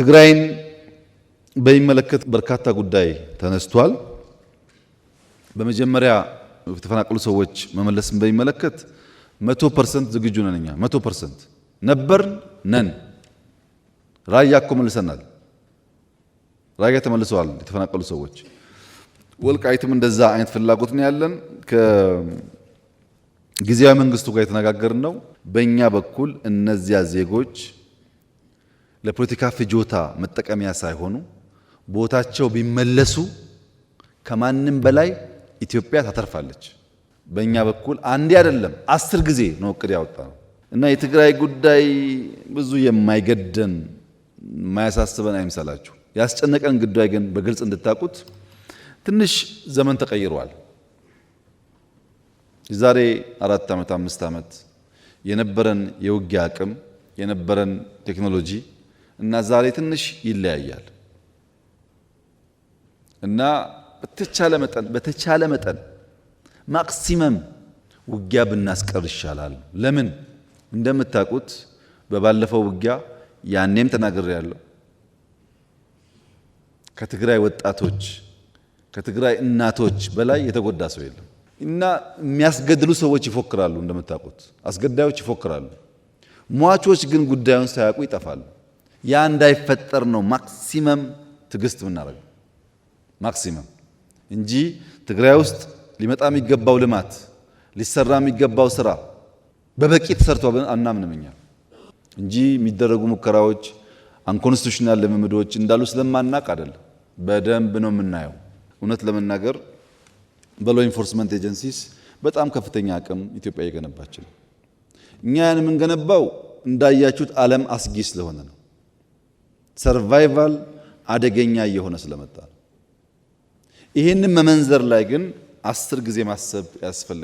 ትግራይን በሚመለከት በርካታ ጉዳይ ተነስቷል። በመጀመሪያ የተፈናቀሉ ሰዎች መመለስን በሚመለከት መቶ ፐርሰንት ዝግጁ ነን። እኛ መቶ ፐርሰንት ነበር ነን። ራያ እኮ መልሰናል። ራያ ተመልሰዋል የተፈናቀሉ ሰዎች። ወልቃይትም እንደዛ አይነት ፍላጎት ነው ያለን። ከጊዜያዊ መንግስቱ ጋር የተነጋገርን ነው። በእኛ በኩል እነዚያ ዜጎች ለፖለቲካ ፍጆታ መጠቀሚያ ሳይሆኑ ቦታቸው ቢመለሱ ከማንም በላይ ኢትዮጵያ ታተርፋለች። በእኛ በኩል አንዴ አይደለም አስር ጊዜ ነው እቅድ ያወጣ ነው እና የትግራይ ጉዳይ ብዙ የማይገደን የማያሳስበን አይምሰላችሁ። ያስጨነቀን ጉዳይ ግን በግልጽ እንድታውቁት ትንሽ ዘመን ተቀይሯል። የዛሬ አራት ዓመት አምስት ዓመት የነበረን የውጊያ አቅም የነበረን ቴክኖሎጂ እና ዛሬ ትንሽ ይለያያል እና በተቻለ መጠን በተቻለ መጠን ማክሲመም ውጊያ ብናስቀር ይሻላል። ለምን እንደምታውቁት በባለፈው ውጊያ ያኔም ያለው ከትግራይ ወጣቶች ከትግራይ እናቶች በላይ የተጎዳ ሰው የለም። እና የሚያስገድሉ ሰዎች ይፎክራሉ፣ እንደምታውቁት አስገዳዮች ይፎክራሉ። ሟቾች ግን ጉዳዩን ሳያውቁ ይጠፋሉ። ያ እንዳይፈጠር ነው ማክሲመም ትግስት የምናደርገው ማክሲመም እንጂ ትግራይ ውስጥ ሊመጣ የሚገባው ልማት ሊሰራ የሚገባው ስራ በበቂ ተሰርቶ አናምንም እኛ እንጂ የሚደረጉ ሙከራዎች አንኮንስቲቱሽናል ልምምዶች እንዳሉ ስለማናቅ አይደለም። በደንብ ነው የምናየው። እውነት ለመናገር በሎ ኢንፎርስመንት ኤጀንሲስ በጣም ከፍተኛ አቅም ኢትዮጵያ እየገነባች ነው። እኛ ያን የምንገነባው እንዳያችሁት ዓለም አስጊ ስለሆነ ነው። ሰርቫይቫል አደገኛ እየሆነ ስለመጣ ይህንን መመንዘር ላይ ግን አስር ጊዜ ማሰብ ያስፈልጋል።